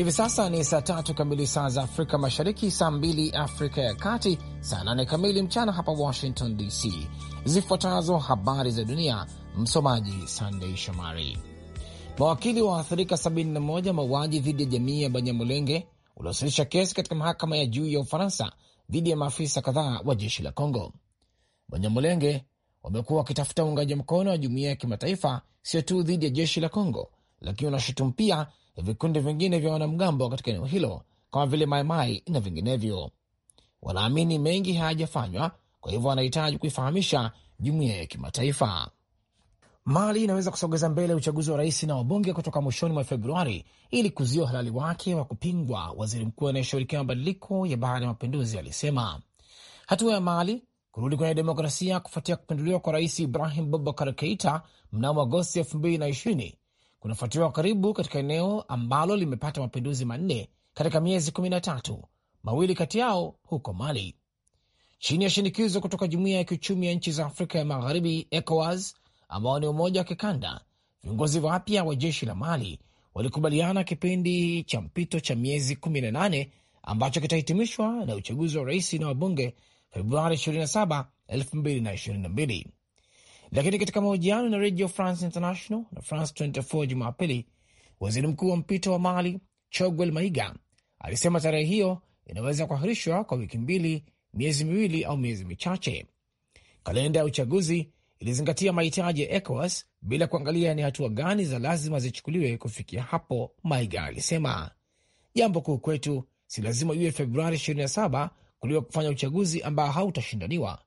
Hivi sasa ni saa tatu kamili saa za Afrika Mashariki, saa mbili Afrika ya Kati, saa nane kamili mchana hapa Washington DC. Zifuatazo habari za dunia, msomaji Sandei Shomari. Mawakili wa waathirika 71 mauaji dhidi ya jamii ya Banyamulenge uliwasilisha kesi katika mahakama ya juu ya Ufaransa dhidi ya maafisa kadhaa wa jeshi la Congo. Banyamulenge wamekuwa wakitafuta uungaji mkono wa jumuiya ya kimataifa, sio tu dhidi ya jeshi la Congo, lakini wanashutumu pia na vikundi vingine vya wanamgambo katika eneo hilo kama vile Maimai na vinginevyo. Wanaamini mengi hayajafanywa, kwa hivyo wanahitaji kuifahamisha jumuiya ya kimataifa. Mali inaweza kusogeza mbele uchaguzi wa rais na wabunge kutoka mwishoni mwa Februari ili kuzia uhalali wake wa kupingwa, waziri mkuu anayeshughulikia mabadiliko ya baada ya mapinduzi alisema. Hatua ya Mali kurudi kwenye demokrasia kufuatia kupinduliwa kwa rais Ibrahim Bobakar Keita mnamo Agosti elfu mbili na ishirini kunafuatiwa kwa karibu katika eneo ambalo limepata mapinduzi manne katika miezi kumi na tatu, mawili kati yao huko Mali. Chini ya shinikizo kutoka jumuiya ya kiuchumi ya nchi za Afrika ya Magharibi, ECOWAS, ambao ni umoja wa kikanda, viongozi wapya wa jeshi la Mali walikubaliana kipindi cha mpito cha miezi 18 ambacho kitahitimishwa na uchaguzi wa rais na wabunge Februari 27, 2022. Lakini katika mahojiano na Radio France International na France 24 Jumapili, waziri mkuu wa mpito wa Mali Choguel Maiga alisema tarehe hiyo inaweza kuahirishwa kwa wiki mbili, miezi miwili au miezi michache. Kalenda ya uchaguzi ilizingatia mahitaji ya ECOWAS bila kuangalia ni hatua gani za lazima zichukuliwe kufikia hapo, Maiga alisema. Jambo kuu kwetu si lazima iwe Februari 27 kuliko kufanya uchaguzi ambao hautashindaniwa,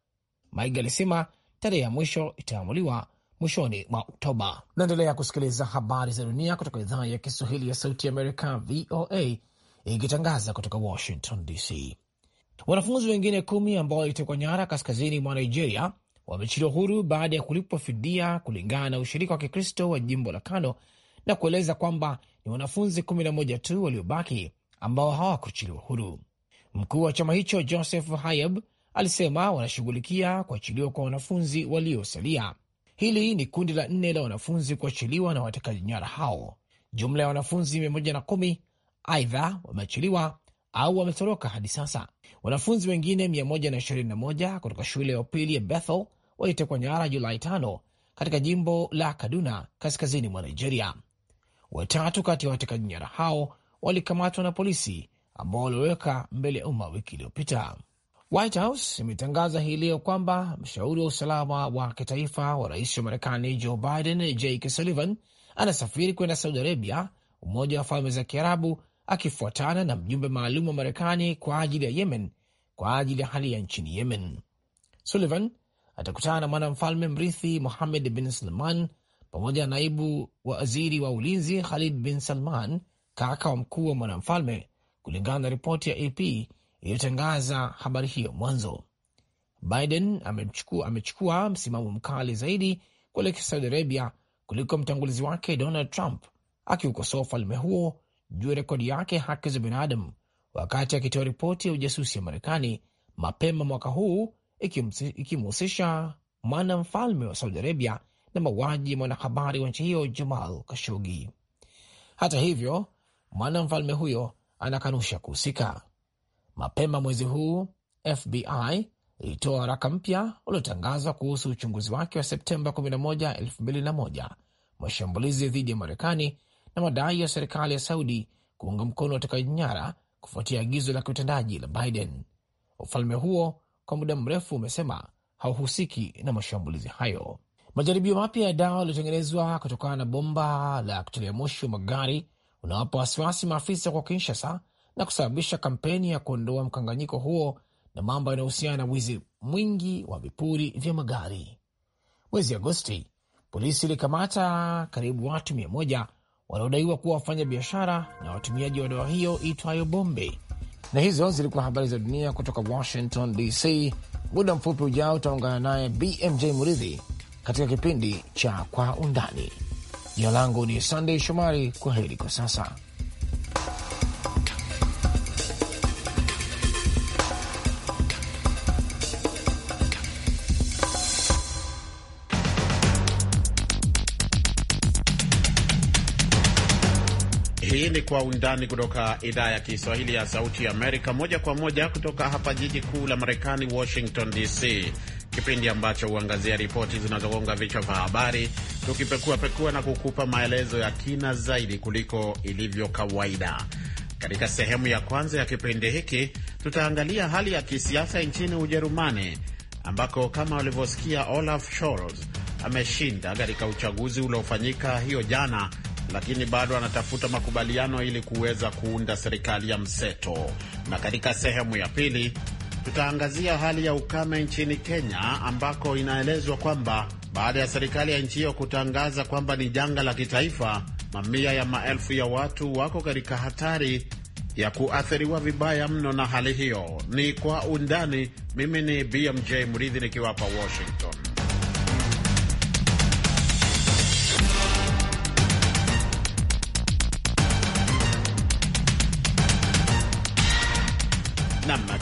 Maiga alisema Tarehe ya mwisho itaamuliwa mwishoni mwa Oktoba. Naendelea kusikiliza habari za dunia kutoka idhaa ya Kiswahili ya Sauti Amerika, VOA, ikitangaza kutoka Washington DC. Wanafunzi wengine kumi ambao walitekwa nyara kaskazini mwa Nigeria wamechiliwa huru baada ya kulipwa fidia, kulingana na ushirika wa Kikristo wa jimbo la Kano, na kueleza kwamba ni wanafunzi kumi na moja tu waliobaki ambao hawakuchiliwa huru. Mkuu wa chama hicho Joseph Hayab alisema wanashughulikia kuachiliwa kwa wanafunzi waliosalia. Hili ni kundi la nne la wanafunzi kuachiliwa na watekaji nyara hao. Jumla ya wanafunzi mia moja na kumi aidha wameachiliwa au wametoroka hadi sasa. Wanafunzi wengine 121 kutoka shule ya upili ya Bethel walitekwa nyara Julai tano katika jimbo la Kaduna, kaskazini mwa Nigeria. Watatu kati ya watekaji nyara hao walikamatwa na polisi ambao walioweka mbele ya umma wiki iliyopita. White House imetangaza hii leo kwamba mshauri wa usalama wa kitaifa wa rais wa Marekani Joe Biden, Jake Sullivan, anasafiri kwenda Saudi Arabia, Umoja wa Falme za Kiarabu, akifuatana na mjumbe maalum wa Marekani kwa ajili ya Yemen kwa ajili ya hali ya nchini Yemen. Sullivan atakutana na mwanamfalme mrithi Mohammed bin Salman pamoja na naibu waziri wa ulinzi Khalid bin Salman, kaka wa mkuu wa mwanamfalme, kulingana na ripoti ya AP iliyotangaza habari hiyo mwanzo. Biden amechukua, amechukua msimamo mkali zaidi kuelekea Saudi Arabia kuliko mtangulizi wake Donald Trump, akiukosoa ufalme huo juu ya rekodi yake haki za binadamu, wakati akitoa ripoti ya ujasusi ya Marekani mapema mwaka huu ikimhusisha mwanamfalme wa Saudi Arabia na mauaji ya mwanahabari wa nchi hiyo Jamal Kashogi. Hata hivyo, mwanamfalme huyo anakanusha kuhusika. Mapema mwezi huu FBI ilitoa waraka mpya uliotangazwa kuhusu uchunguzi wake wa Septemba 11, 2001 mashambulizi dhidi ya Marekani na madai ya serikali ya Saudi kuunga mkono watekaji nyara kufuatia agizo la kiutendaji la Biden. Ufalme huo kwa muda mrefu umesema hauhusiki na mashambulizi hayo. Majaribio mapya ya dawa yaliyotengenezwa kutokana na bomba la kutolea moshi wa magari unawapa wasiwasi maafisa kwa Kinshasa na kusababisha kampeni ya kuondoa mkanganyiko huo na mambo yanayohusiana na wizi mwingi wa vipuri vya magari. Mwezi Agosti, polisi ilikamata karibu watu mia moja wanaodaiwa kuwa wafanya biashara na watumiaji wa dawa hiyo itwayo Bombe. Na hizo zilikuwa habari za dunia kutoka Washington DC. Muda mfupi ujao utaungana naye BMJ Muridhi katika kipindi cha Kwa Undani. Jina langu ni Sandey Shomari. Kwa heri kwa sasa. kwa undani kutoka idhaa ya Kiswahili ya Sauti ya Amerika, moja kwa moja kutoka hapa jiji kuu la Marekani, Washington DC, kipindi ambacho huangazia ripoti zinazogonga vichwa vya habari, tukipekuapekua na kukupa maelezo ya kina zaidi kuliko ilivyo kawaida. Katika sehemu ya kwanza ya kipindi hiki tutaangalia hali ya kisiasa nchini Ujerumani ambako kama walivyosikia Olaf Scholz ameshinda katika uchaguzi uliofanyika hiyo jana lakini bado anatafuta makubaliano ili kuweza kuunda serikali ya mseto. Na katika sehemu ya pili tutaangazia hali ya ukame nchini Kenya ambako inaelezwa kwamba baada ya serikali ya nchi hiyo kutangaza kwamba ni janga la kitaifa, mamia ya maelfu ya watu wako katika hatari ya kuathiriwa vibaya mno na hali hiyo. Ni kwa undani. Mimi ni BMJ Mridhi nikiwa hapa Washington.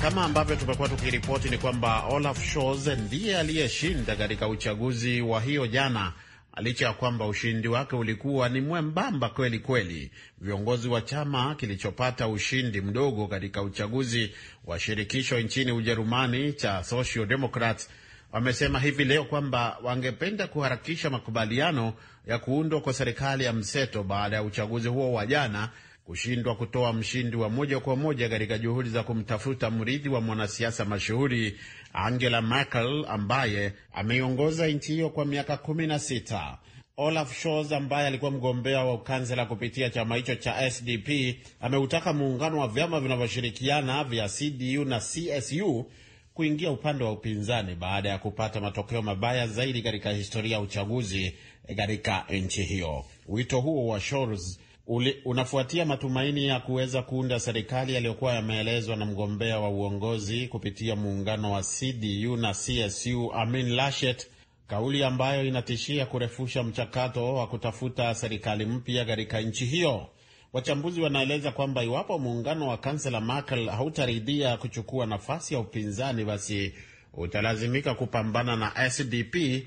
kama ambavyo tumekuwa tukiripoti ni kwamba Olaf Scholz ndiye aliyeshinda katika uchaguzi wa hiyo jana, licha ya kwamba ushindi wake ulikuwa ni mwembamba kweli kweli. Viongozi wa chama kilichopata ushindi mdogo katika uchaguzi wa shirikisho nchini Ujerumani cha Social Democrats wamesema hivi leo kwamba wangependa kuharakisha makubaliano ya kuundwa kwa serikali ya mseto baada ya uchaguzi huo wa jana kushindwa kutoa mshindi wa moja kwa moja katika juhudi za kumtafuta mrithi wa mwanasiasa mashuhuri Angela Merkel ambaye ameiongoza nchi hiyo kwa miaka kumi na sita. Olaf Scholz ambaye alikuwa mgombea wa ukansela kupitia chama hicho cha SDP ameutaka muungano wa vyama vinavyoshirikiana vya CDU na CSU kuingia upande wa upinzani baada ya kupata matokeo mabaya zaidi katika historia ya uchaguzi katika nchi hiyo. Wito huo wa Scholz uli, unafuatia matumaini ya kuweza kuunda serikali yaliyokuwa yameelezwa na mgombea wa uongozi kupitia muungano wa CDU na CSU Amin lashet kauli ambayo inatishia kurefusha mchakato wa kutafuta serikali mpya katika nchi hiyo. Wachambuzi wanaeleza kwamba iwapo muungano wa kansela Merkel hautaridhia kuchukua nafasi ya upinzani, basi utalazimika kupambana na SDP eh,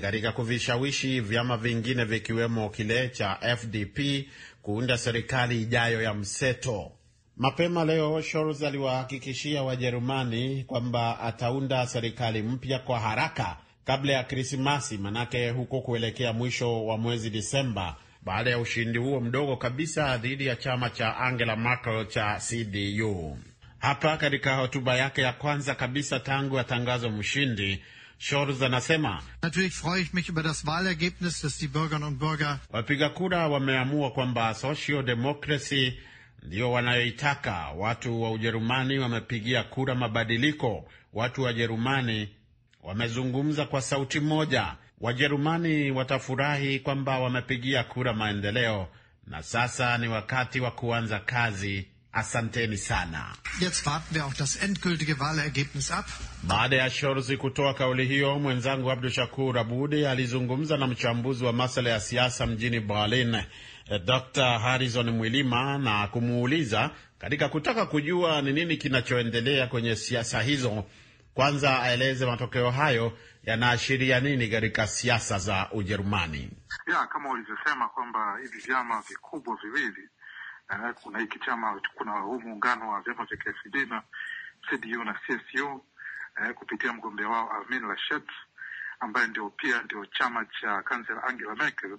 katika kuvishawishi vyama vingine vikiwemo kile cha FDP kuunda serikali ijayo ya mseto. Mapema leo Scholz aliwahakikishia Wajerumani kwamba ataunda serikali mpya kwa haraka kabla ya Krismasi, manake huko kuelekea mwisho wa mwezi Disemba, baada ya ushindi huo mdogo kabisa dhidi ya chama cha Angela Merkel cha CDU. Hapa katika hotuba yake ya kwanza kabisa tangu atangazwe mshindi Scholz anasema wapiga kura wameamua kwamba social democracy ndio wanayoitaka. Watu wa Ujerumani wamepigia kura mabadiliko. Watu wa jerumani wamezungumza kwa sauti moja. Wajerumani watafurahi kwamba wamepigia kura maendeleo, na sasa ni wakati wa kuanza kazi Asanteni sana. Jetzt warten wir auf das endgültige Wahlergebnis ab. Baada ya Shorzi kutoa kauli hiyo, mwenzangu Abdu Shakur Abudi alizungumza na mchambuzi wa masuala ya siasa mjini Berlin, eh, Dr Harrison Mwilima, na kumuuliza katika kutaka kujua ni nini kinachoendelea kwenye siasa hizo, kwanza aeleze matokeo hayo yanaashiria nini katika siasa za Ujerumani. Ya, kama ulivyosema kwamba hivi vyama vikubwa viwili eh, kuna hiki chama, kuna huu muungano wa vyama vya KFD na CDU na CSU eh, kupitia mgombea wao Armin Laschet ambaye ndio pia ndio chama cha kansela Angela Merkel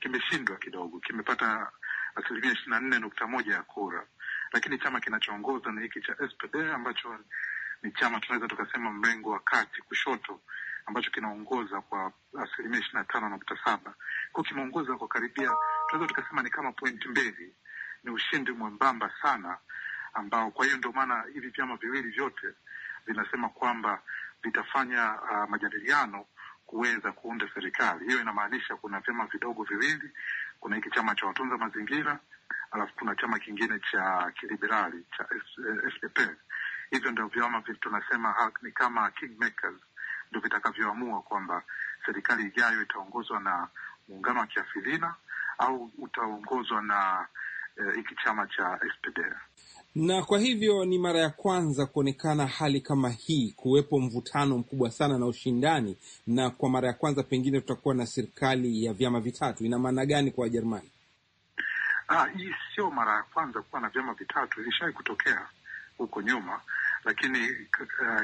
kimeshindwa kidogo, kimepata asilimia ishirini na nne nukta moja ya kura, lakini chama kinachoongoza ni hiki cha SPD ambacho ni chama tunaweza tukasema mrengo wa kati kushoto, ambacho kinaongoza kwa asilimia ishirini na tano nukta saba kwao, kimeongoza kwa karibia, tunaweza tukasema ni kama pointi mbili ni ushindi mwembamba sana, ambao kwa hiyo ndio maana hivi vyama viwili vyote vinasema kwamba vitafanya uh, majadiliano kuweza kuunda serikali. Hiyo inamaanisha kuna vyama vidogo viwili, kuna hiki chama cha watunza mazingira, alafu kuna chama kingine cha kiliberali cha SDP. Eh, Hivyo ndio vyama tunasema ni kama kingmakers, ndio vitakavyoamua kwamba serikali ijayo itaongozwa na muungano wa kiafidhina au utaongozwa na Eh, hiki uh, chama cha SPDF. Na kwa hivyo ni mara ya kwanza kuonekana hali kama hii, kuwepo mvutano mkubwa sana na ushindani, na kwa mara ya kwanza pengine tutakuwa na serikali ya vyama vitatu. Ina maana gani kwa Wajerumani? Ah, hii sio mara ya kwanza kuwa na vyama vitatu, ilishawahi kutokea huko nyuma, lakini eh,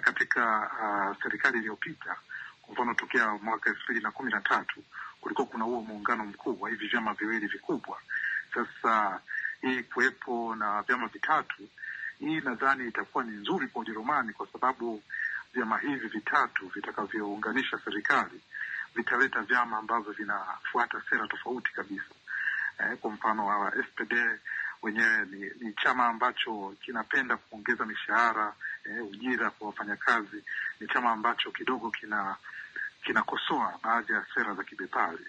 katika uh, serikali iliyopita kwa mfano tokea mwaka elfu mbili na kumi na tatu kulikuwa kuna huo muungano mkubwa hivi vyama viwili vikubwa. Sasa ili kuwepo na vyama vitatu. Hii nadhani itakuwa ni nzuri kwa Ujerumani kwa sababu vyama hivi vitatu vitakavyounganisha serikali vitaleta vyama ambavyo vinafuata sera tofauti kabisa. Eh, kwa mfano wa SPD wenyewe ni, ni chama ambacho kinapenda kuongeza mishahara eh, ujira kwa wafanyakazi. Ni chama ambacho kidogo kina kinakosoa baadhi ya sera za kibepari.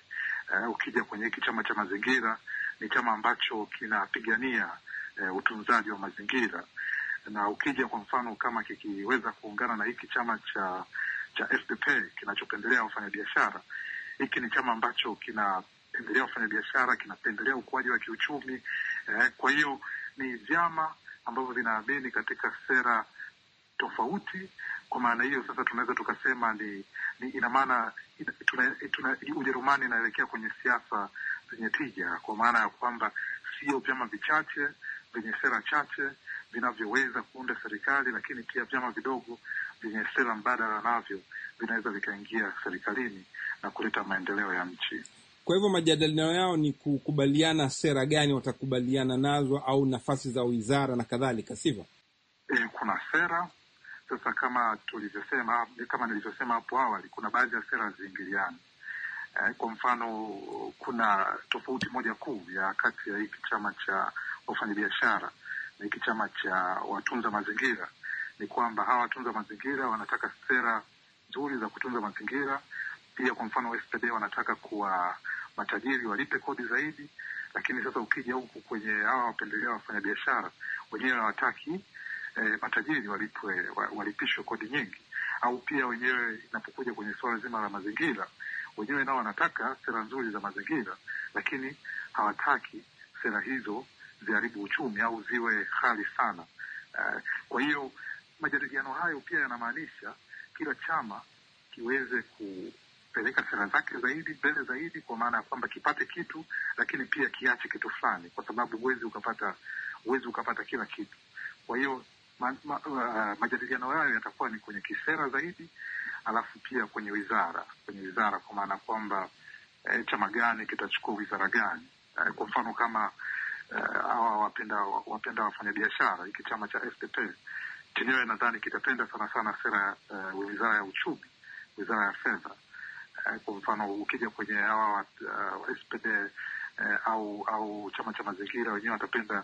Eh, ukija kwenye hiki chama cha mazingira ni chama ambacho kinapigania e, utunzaji wa mazingira, na ukija kwa mfano kama kikiweza kuungana na hiki chama cha cha FDP kinachopendelea wafanyabiashara, hiki ni chama ambacho kinapendelea wafanyabiashara, kinapendelea ukuaji wa kiuchumi eh. Kwa hiyo ni vyama ambavyo vinaamini katika sera tofauti. Kwa maana hiyo sasa tunaweza tukasema ni, ni ina maana tuna, eh, tuna, Ujerumani inaelekea kwenye siasa zenye tija, kwa maana ya kwamba sio vyama vichache vyenye sera chache vinavyoweza kuunda serikali, lakini pia vyama vidogo vyenye sera mbadala navyo vinaweza vikaingia serikalini na kuleta maendeleo ya nchi. Kwa hivyo majadiliano yao ni kukubaliana sera gani watakubaliana nazo au nafasi za wizara na kadhalika, sivyo? E, kuna sera sasa kama tulivyosema, kama nilivyosema hapo awali, kuna baadhi ya sera ziingiliani. Eh, kwa mfano kuna tofauti moja kuu ya kati ya hiki chama cha wafanyabiashara na hiki chama cha watunza mazingira ni kwamba hawa watunza mazingira wanataka sera nzuri za kutunza mazingira. Pia kwa mfano SPD wanataka kuwa matajiri walipe kodi zaidi, lakini sasa ukija huku kwenye hawa wapendelea wafanyabiashara wenyewe hawataki eh, matajiri walipwe walipishwe kodi nyingi, au pia wenyewe inapokuja kwenye suala zima la mazingira, wenyewe nao wanataka sera nzuri za mazingira, lakini hawataki sera hizo ziharibu uchumi au ziwe ghali sana. Uh, kwa hiyo majadiliano hayo pia yanamaanisha kila chama kiweze kupeleka sera zake zaidi mbele zaidi, kwa maana ya kwamba kipate kitu, lakini pia kiache kitu fulani, kwa sababu huwezi ukapata huwezi ukapata kila kitu. Kwa hiyo ma, ma, uh, majadiliano yayo yatakuwa ni kwenye kisera zaidi, alafu pia kwenye wizara kwenye wizara, kwa maana kwamba eh, chama gani kitachukua wizara gani. Eh, kwa mfano kama eh, hawa uh, wapenda wapenda wafanyabiashara, hiki chama cha FPP chenyewe nadhani kitapenda sana sana sera uh, wizara ya uchumi, wizara ya fedha. uh, kwa mfano ukija kwenye hawa uh, SPD eh, au au chama cha mazingira wenyewe watapenda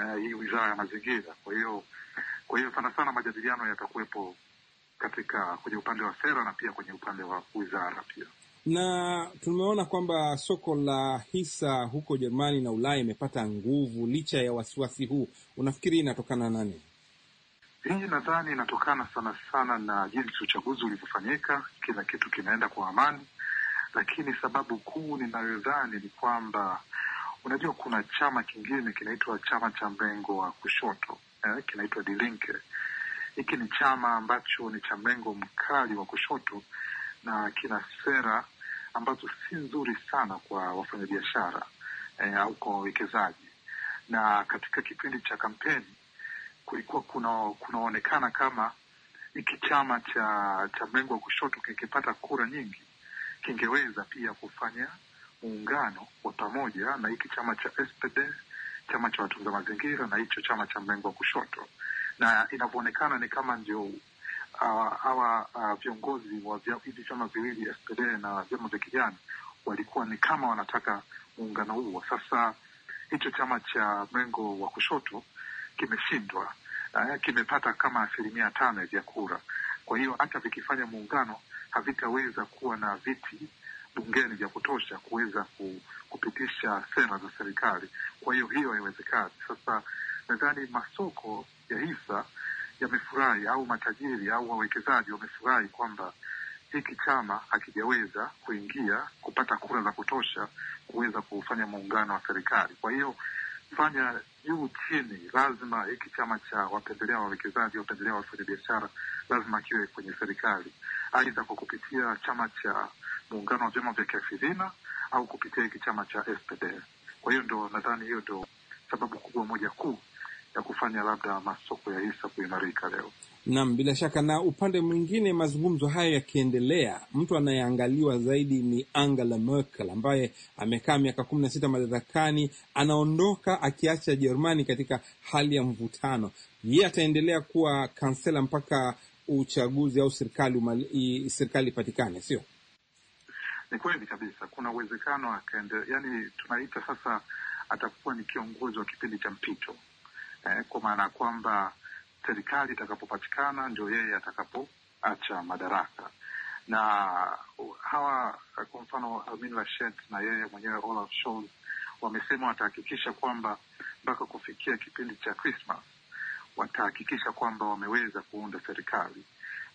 eh, hii wizara ya mazingira. Kwa hiyo kwa hiyo sana sana majadiliano yatakuwepo katika kwenye upande wa sera na pia kwenye upande wa wizara pia na tumeona kwamba soko la hisa huko Ujerumani na Ulaya imepata nguvu licha ya wasiwasi huu. Unafikiri inatokana na nani? Hii nadhani inatokana sana sana na jinsi uchaguzi ulivyofanyika. Kila kitu kinaenda kwa amani, lakini sababu kuu ninayodhani ni kwamba unajua, kuna chama kingine kinaitwa chama cha mrengo wa kushoto eh, kinaitwa Dilinke. Hiki ni chama ambacho ni cha mrengo mkali wa kushoto na kina sera ambazo si nzuri sana kwa wafanyabiashara eh, au kwa wawekezaji. Na katika kipindi cha kampeni kulikuwa kuna kunaonekana kama hiki chama cha cha mrengo wa kushoto kikipata kura nyingi kingeweza pia kufanya muungano wa pamoja na hiki chama cha SPD, chama cha watunza mazingira na hicho chama cha mrengo wa kushoto, na inavyoonekana ni kama ndio ah, hawa uh, uh, viongozi wa hivi vyama viwili SPD na vyama vya kijani walikuwa ni kama wanataka muungano huo. Sasa hicho chama cha mrengo wa kushoto kimeshindwa, uh, kimepata kama asilimia tano ya kura. Kwa hiyo hata vikifanya muungano havitaweza kuwa na viti bungeni vya kutosha kuweza kupitisha sera za serikali. Kwa hiyo hiyo haiwezekani. Sasa nadhani masoko ya hisa yamefurahi au matajiri au wawekezaji wamefurahi kwamba hiki chama hakijaweza kuingia kupata kura za kutosha kuweza kufanya muungano wa serikali. Kwa hiyo fanya juu chini, lazima hiki chama cha wapendelea wawekezaji, wapendelea wafanyabiashara, lazima kiwe kwenye serikali, aidha kwa kupitia chama cha muungano wa vyama vya kiafidhina au kupitia hiki chama cha SPD. E. Kwa hiyo ndo nadhani hiyo ndo sababu kubwa moja kuu ya kufanya labda masoko ya hisa kuimarika leo. Naam, bila shaka. Na upande mwingine, mazungumzo haya yakiendelea, mtu anayeangaliwa zaidi ni Angela Merkel ambaye amekaa miaka kumi na sita madarakani, anaondoka akiacha Jerumani katika hali ya mvutano. Yeye ataendelea kuwa kansela mpaka uchaguzi au serikali serikali ipatikane, sio? Ni kweli kabisa, kuna uwezekano akaende, yani tunaita sasa, atakuwa ni kiongozi wa kipindi cha mpito eh, kwa maana ya kwamba serikali itakapopatikana ndio yeye atakapoacha madaraka na hawa kwa mfano Armin Laschet na yeye mwenyewe Olaf Scholz wamesema watahakikisha kwamba mpaka kufikia kipindi cha Christmas watahakikisha kwamba wameweza kuunda serikali.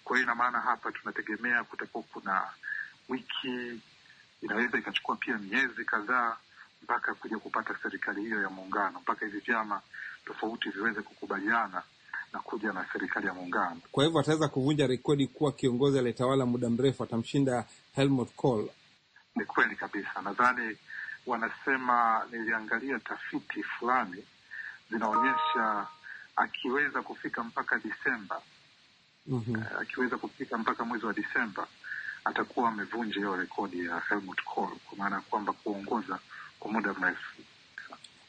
Kwa hiyo ina maana hapa tunategemea kutakuwa kuna wiki, inaweza ikachukua pia miezi kadhaa mpaka kuja kupata serikali hiyo ya muungano, mpaka hivi vyama tofauti viweze kukubaliana na kuja na serikali ya muungano. Kwa hivyo ataweza kuvunja rekodi kuwa kiongozi aliyetawala muda mrefu, atamshinda Helmut Kohl. Ni kweli kabisa. Nadhani wanasema, niliangalia tafiti fulani zinaonyesha akiweza kufika mpaka Disemba, mm -hmm. akiweza kufika mpaka mwezi wa Disemba atakuwa amevunja hiyo rekodi ya Helmut Kohl, kwa maana ya kwamba kuongoza kwa muda mrefu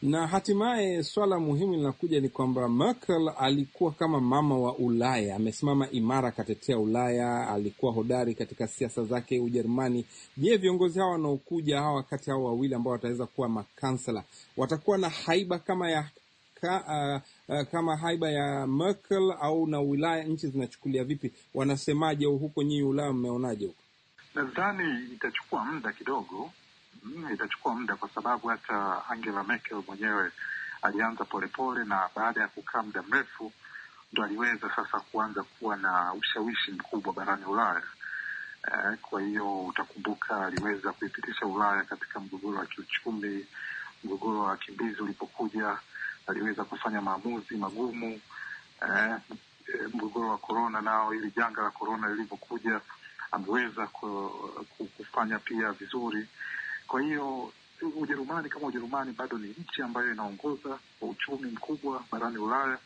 na hatimaye swala muhimu linakuja ni kwamba Merkel alikuwa kama mama wa Ulaya, amesimama imara katetea Ulaya, alikuwa hodari katika siasa zake Ujerumani. Je, viongozi hawa wanaokuja hawa, wakati hao wawili ambao wataweza kuwa makansela, watakuwa na haiba kama ya Ka, uh, uh, kama haiba ya Merkel au na Ulaya nchi zinachukulia vipi? Wanasemaje huko nyinyi Ulaya, mmeonaje huko? Nadhani itachukua muda kidogo itachukua muda, kwa sababu hata Angela Merkel mwenyewe alianza polepole pole, na baada ya kukaa muda mrefu ndo aliweza sasa kuanza kuwa na ushawishi mkubwa barani Ulaya. Eh, kwa hiyo utakumbuka aliweza kuipitisha Ulaya katika mgogoro wa kiuchumi, mgogoro wa wakimbizi ulipokuja, aliweza kufanya maamuzi magumu eh, mgogoro wa korona nao, ili janga la korona lilivyokuja ameweza kufanya pia vizuri. Kwa hiyo Ujerumani kama Ujerumani bado ni nchi ambayo inaongoza kwa uchumi mkubwa barani Ulaya.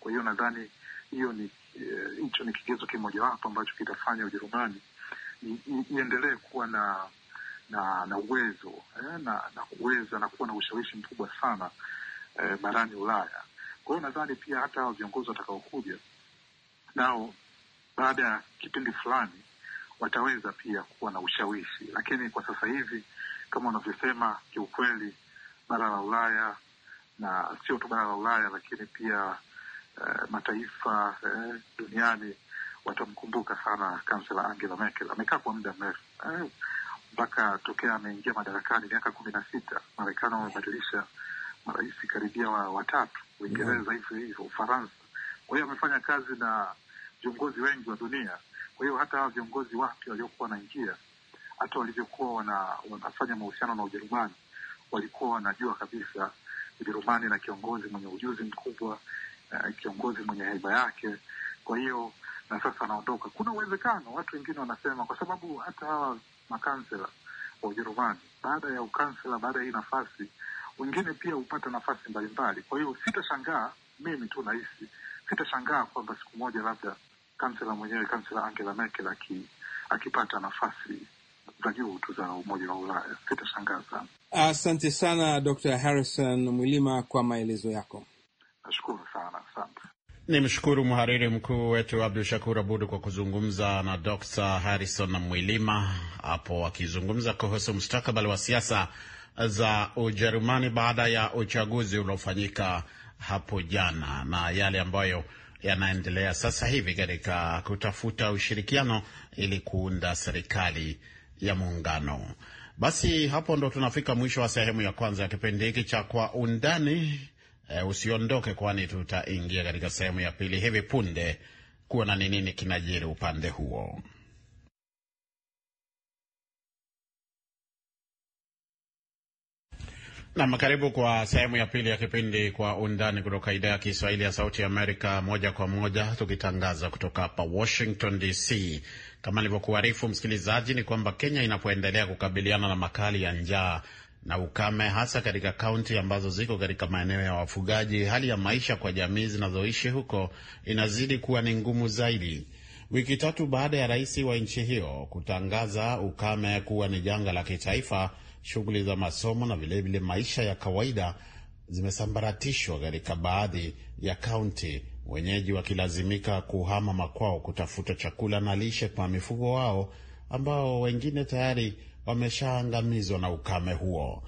Kwa hiyo nadhani hiyo ni eh, hicho e, ni kigezo kimojawapo ambacho kitafanya Ujerumani iendelee kuwa na na na uwezo eh, na, na kuweza na kuwa na ushawishi mkubwa sana eh, barani Ulaya. Kwa hiyo nadhani pia hata viongozi watakaokuja nao baada ya kipindi fulani wataweza pia kuwa na ushawishi, lakini kwa sasa hivi kama unavyosema, kiukweli bara la Ulaya na sio tu bara la Ulaya lakini pia eh, mataifa eh, duniani watamkumbuka sana kansela Angela Merkel. Amekaa kwa muda mrefu eh, mpaka tokea ameingia madarakani miaka kumi na sita. Marekani wamebadilisha marais karibia wa watatu, Uingereza hivyo hivyo, Ufaransa. Kwa hiyo amefanya kazi na viongozi wengi wa dunia. Kwa hiyo hata hawa viongozi wapya waliokuwa wanaingia hata walivyokuwa wana, wanafanya mahusiano na Ujerumani walikuwa wanajua kabisa Ujerumani na kiongozi mwenye ujuzi mkubwa uh, kiongozi mwenye heba yake. Kwa hiyo na sasa anaondoka, kuna uwezekano watu wengine wanasema, kwa sababu hata hawa makansela wa Ujerumani baada ya ukansela, baada ya hii nafasi, wengine pia hupata nafasi mbalimbali. Kwa hiyo sitashangaa, mimi tu nahisi, sitashangaa kwamba siku moja labda kansela mwenyewe, kansela Angela Merkel akipata nafasi za juu tu za Umoja wa Ulaya. sana. Asante sana Dr. Harrison Mwilima kwa maelezo yako, nashukuru sana. Asante. Ni mshukuru mhariri mkuu wetu Abdu Shakur Abud kwa kuzungumza na Dr. Harrison Mwilima hapo akizungumza kuhusu mustakabali wa siasa za Ujerumani baada ya uchaguzi uliofanyika hapo jana na yale ambayo yanaendelea sasa hivi katika kutafuta ushirikiano ili kuunda serikali ya Muungano. Basi hapo ndo tunafika mwisho wa sehemu ya kwanza ya kipindi hiki cha Kwa Undani. E, usiondoke, kwani tutaingia katika sehemu ya pili hivi punde kuona ni nini kinajiri upande huo. Nam, karibu kwa sehemu ya pili ya kipindi Kwa Undani kutoka idhaa ya Kiswahili ya Sauti Amerika, moja kwa moja tukitangaza kutoka hapa Washington DC. Kama nilivyokuarifu msikilizaji, ni kwamba Kenya inapoendelea kukabiliana na makali ya njaa na ukame, hasa katika kaunti ambazo ziko katika maeneo ya wafugaji, hali ya maisha kwa jamii zinazoishi huko inazidi kuwa ni ngumu zaidi. Wiki tatu baada ya rais wa nchi hiyo kutangaza ukame kuwa ni janga la kitaifa shughuli za masomo na vilevile maisha ya kawaida zimesambaratishwa katika baadhi ya kaunti, wenyeji wakilazimika kuhama makwao kutafuta chakula na lishe kwa mifugo wao ambao wengine tayari wameshaangamizwa na ukame huo.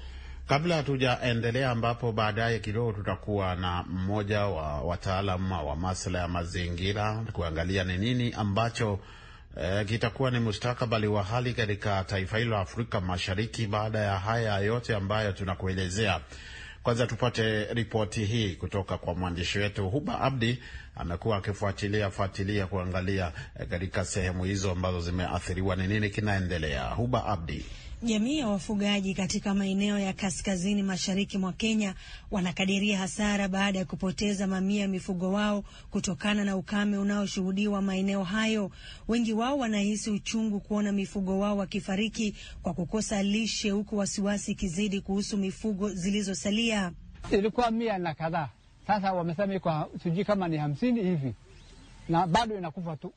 Kabla hatujaendelea, ambapo baadaye kidogo tutakuwa na mmoja wa wataalamu wa masuala ya mazingira kuangalia ni nini ambacho eh, kitakuwa ni mustakabali wa hali katika taifa hilo Afrika Mashariki baada ya haya yote ambayo tunakuelezea. Kwanza tupate ripoti hii kutoka kwa mwandishi wetu Huba Abdi, amekuwa akifuatilia fuatilia kuangalia eh, katika sehemu hizo ambazo zimeathiriwa, ni nini kinaendelea. Huba Abdi. Jamii ya wafugaji katika maeneo ya kaskazini mashariki mwa Kenya wanakadiria hasara baada ya kupoteza mamia ya mifugo wao kutokana na ukame unaoshuhudiwa maeneo hayo. Wengi wao wanahisi uchungu kuona mifugo wao wakifariki kwa kukosa lishe, huku wasiwasi ikizidi kuhusu mifugo zilizosalia. Ilikuwa mia na kadhaa, sasa wamesema sijui kama ni hamsini hivi, na bado inakufa tu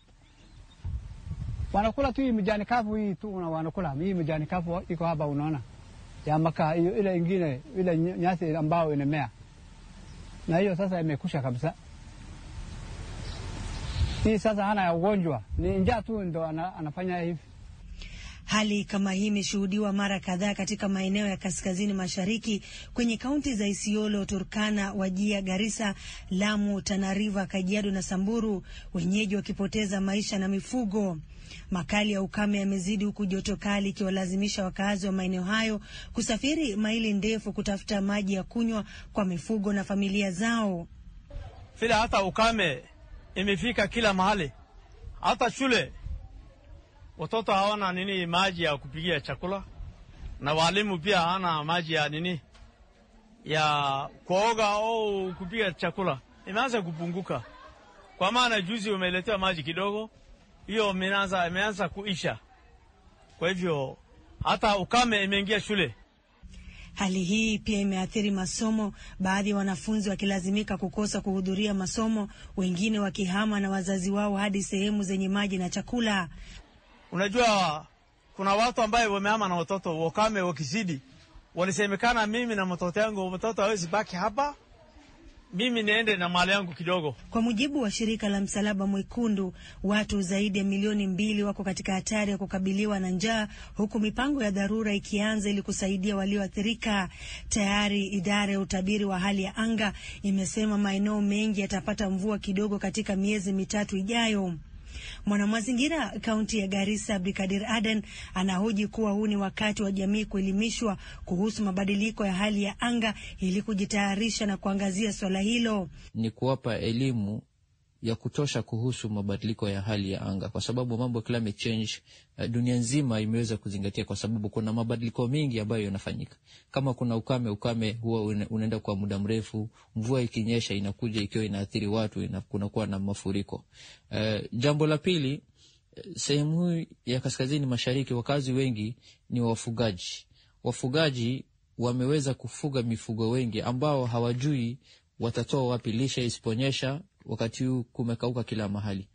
wanakula tu hii mjani kavu hii tu wanakula hii mjani kavu iko hapa, unaona ya makaa hiyo, ile ingine ile nyasi ambayo inamea na hiyo sasa imekusha kabisa. Hii sasa hana ya ugonjwa, ni njaa tu ndo anafanya hivi. Hali kama hii imeshuhudiwa mara kadhaa katika maeneo ya kaskazini mashariki kwenye kaunti za Isiolo, Turkana, Wajia, Garissa, Lamu, Tana River, Kajiado na Samburu, wenyeji wakipoteza maisha na mifugo. Makali ya ukame yamezidi huku joto kali ikiwalazimisha wakaazi wa maeneo hayo kusafiri maili ndefu kutafuta maji ya kunywa kwa mifugo na familia zao. Vile hata ukame imefika kila mahali, hata shule watoto hawana nini maji ya kupigia chakula, na walimu pia hawana maji ya nini ya kuoga au kupiga chakula. Imeanza kupunguka kwa maana juzi umeletewa maji kidogo, hiyo imeanza kuisha. Kwa hivyo hata ukame imeingia shule. Hali hii pia imeathiri masomo, baadhi ya wanafunzi wakilazimika kukosa kuhudhuria masomo, wengine wakihama na wazazi wao hadi sehemu zenye maji na chakula. Unajua kuna watu ambaye wameama na watoto wakame wakizidi, walisemekana mimi na mtoto yangu, mtoto hawezi baki hapa, mimi niende na mali yangu kidogo. Kwa mujibu wa shirika la Msalaba Mwekundu, watu zaidi ya milioni mbili wako katika hatari ya kukabiliwa na njaa, huku mipango ya dharura ikianza ili kusaidia walioathirika. Tayari idara ya utabiri wa hali ya anga imesema maeneo mengi yatapata mvua kidogo katika miezi mitatu ijayo. Mwanamazingira kaunti ya Garissa Abdikadir Aden anahoji kuwa huu ni wakati wa jamii kuelimishwa kuhusu mabadiliko ya hali ya anga ili kujitayarisha na kuangazia swala hilo. Ni kuwapa elimu ya kutosha kuhusu mabadiliko ya hali ya anga, kwa sababu mambo ya climate change uh, dunia nzima imeweza kuzingatia, kwa sababu kuna mabadiliko mengi ambayo yanafanyika. Kama kuna ukame, ukame huwa unaenda kwa muda mrefu. Mvua ikinyesha inakuja ikiwa inaathiri watu, kunakuwa na mafuriko. Uh, jambo la pili, eh, sehemu hii ya kaskazini mashariki, wakazi wengi ni wafugaji. Wafugaji wameweza kufuga mifugo wengi ambao hawajui watatoa wapi lishe isiponyesha wakati huu kumekauka kila mahali.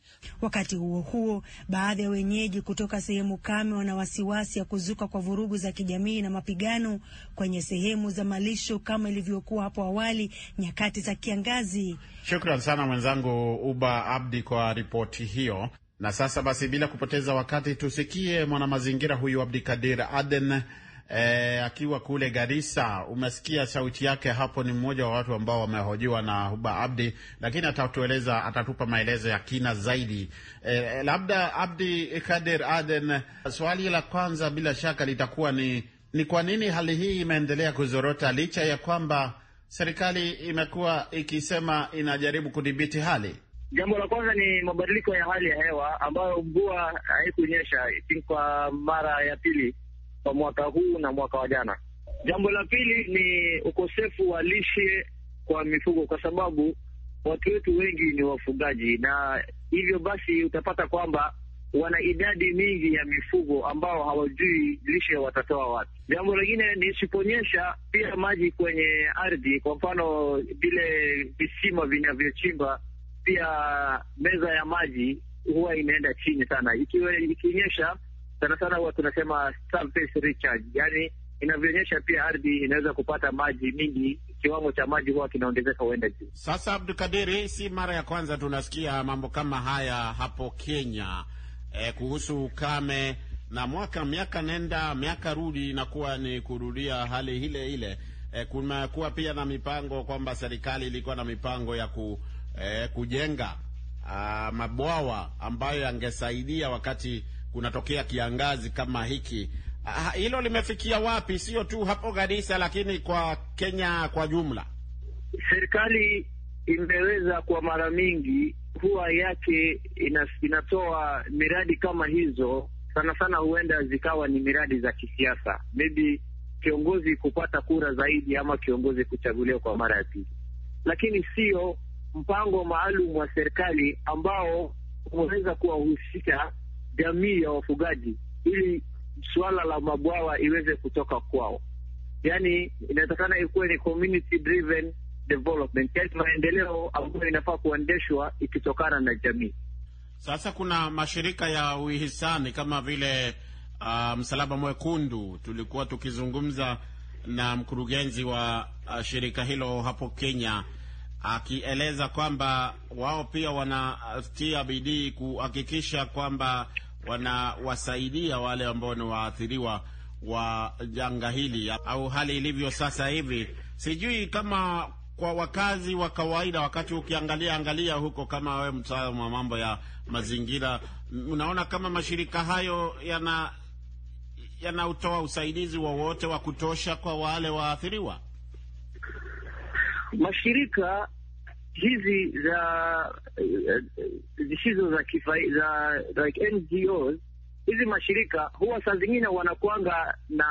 Wakati huo huo, baadhi ya wenyeji kutoka sehemu kame wana wasiwasi ya kuzuka kwa vurugu za kijamii na mapigano kwenye sehemu za malisho kama ilivyokuwa hapo awali nyakati za kiangazi. Shukran sana mwenzangu Uba Abdi kwa ripoti hiyo. Na sasa basi, bila kupoteza wakati, tusikie mwanamazingira huyu Abdikadir Aden e, akiwa kule Garissa. Umesikia sauti yake hapo, ni mmoja wa watu ambao wamehojiwa na Huba Abdi, lakini atatueleza, atatupa maelezo ya kina zaidi. E, labda Abdi Kader Aden, swali la kwanza bila shaka litakuwa ni ni kwa nini hali hii imeendelea kuzorota licha ya kwamba serikali imekuwa ikisema inajaribu kudhibiti hali? Jambo la kwanza ni mabadiliko ya hali ya hewa ambayo mvua haikunyesha kwa mara ya pili kwa mwaka huu na mwaka wa jana. Jambo la pili ni ukosefu wa lishe kwa mifugo, kwa sababu watu wetu wengi ni wafugaji, na hivyo basi utapata kwamba wana idadi mingi ya mifugo ambao hawajui lishe watatoa wapi. Jambo lingine ni siponyesha pia maji kwenye ardhi, kwa mfano vile visima vinavyochimba, pia meza ya maji huwa inaenda chini sana. Ikiwe ikinyesha sana sana huwa tunasema surface recharge, yani inavyoonyesha pia ardhi inaweza kupata maji mingi, kiwango cha maji huwa kinaongezeka huenda juu. Sasa Abdukadiri, si mara ya kwanza tunasikia mambo kama haya hapo Kenya eh, kuhusu ukame na mwaka miaka nenda miaka rudi inakuwa ni kurudia hali ile ile. E, kumekuwa pia na mipango kwamba serikali ilikuwa na mipango ya ku, e, kujenga a, mabwawa ambayo yangesaidia wakati kunatokea kiangazi kama hiki, ah, hilo limefikia wapi? Sio tu hapo Garissa, lakini kwa Kenya kwa jumla. Serikali imeweza kwa mara mingi huwa yake ina, inatoa miradi kama hizo sana sana, huenda zikawa ni miradi za kisiasa, maybe kiongozi kupata kura zaidi ama kiongozi kuchaguliwa kwa mara ya pili, lakini sio mpango maalum wa serikali ambao unaweza kuwahusisha jamii ya wafugaji ili suala la mabwawa iweze kutoka kwao. Yani inatakana ikuwe ni community driven development, yani maendeleo ambayo inafaa kuendeshwa ikitokana na jamii. Sasa kuna mashirika ya uhisani kama vile uh, Msalaba Mwekundu. Tulikuwa tukizungumza na mkurugenzi wa uh, shirika hilo hapo Kenya akieleza kwamba wao pia wanatia bidii kuhakikisha kwamba wanawasaidia wale ambao ni waathiriwa wa janga hili au hali ilivyo sasa hivi. Sijui kama kwa wakazi wa kawaida, wakati ukiangalia angalia huko, kama wewe mtaalamu wa mambo ya mazingira, unaona kama mashirika hayo yana yanautoa usaidizi wowote wa, wa kutosha kwa wale waathiriwa? Mashirika hizi za zisizo eh, eh, za kifai, za like NGOs hizi mashirika huwa saa zingine wanakwanga na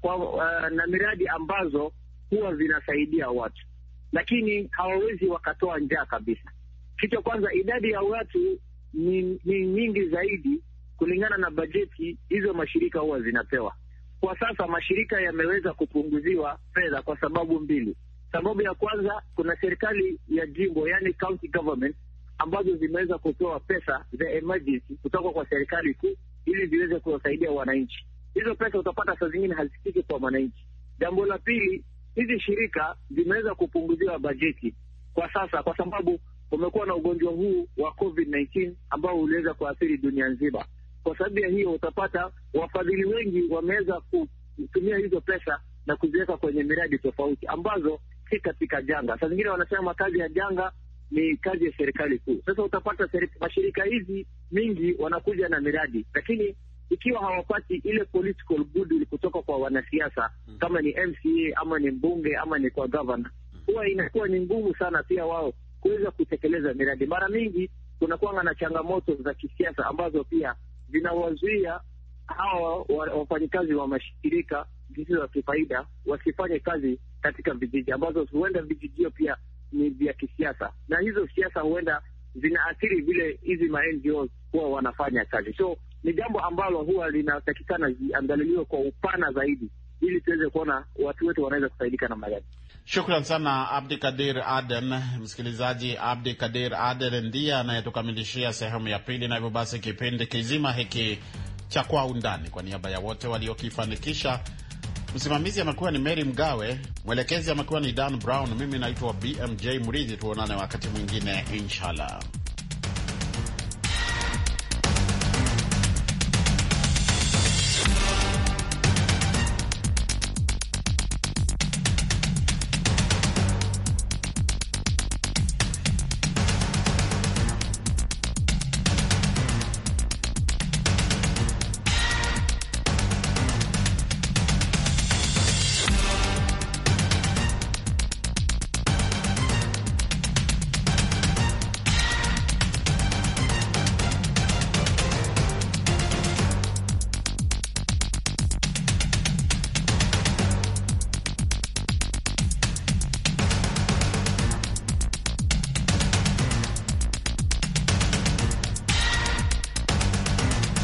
kwa, uh, na miradi ambazo huwa zinasaidia watu, lakini hawawezi wakatoa njaa kabisa. Kitu cha kwanza, idadi ya watu ni, ni nyingi zaidi kulingana na bajeti hizo mashirika huwa zinapewa. Kwa sasa mashirika yameweza kupunguziwa fedha kwa sababu mbili. Sababu ya kwanza, kuna serikali ya jimbo, yani county government, ambazo zimeweza kutoa pesa za emergency kutoka kwa serikali kuu ili ziweze kuwasaidia wananchi. Hizo pesa utapata saa zingine hazifiki kwa wananchi. Jambo la pili, hizi shirika zimeweza kupunguziwa bajeti kwa sasa, kwa sababu kumekuwa na ugonjwa huu wa COVID-19 ambao uliweza kuathiri dunia nzima. Kwa sababu ya hiyo, utapata wafadhili wengi wameweza kutumia hizo pesa na kuziweka kwenye miradi tofauti ambazo si katika janga. Saa zingine wanasema kazi ya janga ni kazi ya serikali kuu. Sasa utapata mashirika hizi mingi wanakuja na miradi, lakini ikiwa hawapati ile political goodwill kutoka kwa wanasiasa mm. kama ni MCA ama ni mbunge ama ni kwa governor, hmm. huwa inakuwa ni ngumu sana pia wao kuweza kutekeleza miradi. Mara mingi kunakuanga na changamoto za kisiasa ambazo pia zinawazuia hawa wafanyikazi wa mashirika zisizo za kifaida wasifanye kazi katika vijiji ambazo huenda vijiji hiyo pia ni vya kisiasa, na hizo siasa huenda zinaathiri vile hizi ma NGOs huwa wanafanya kazi. So ni jambo ambalo huwa linatakikana ziangaliliwe kwa upana zaidi, ili tuweze kuona watu wetu wanaweza kusaidika namna gani. Shukran sana Abdi Kadir Aden. Msikilizaji, Abdi Kadir Aden ndiye anayetukamilishia sehemu ya pili, na hivyo basi kipindi kizima hiki cha Kwa Undani, kwa niaba ya wote waliokifanikisha Msimamizi amekuwa ni Mary Mgawe, mwelekezi amekuwa ni Dan Brown, mimi naitwa BMJ Mridhi. Tuonane wakati mwingine, inshallah.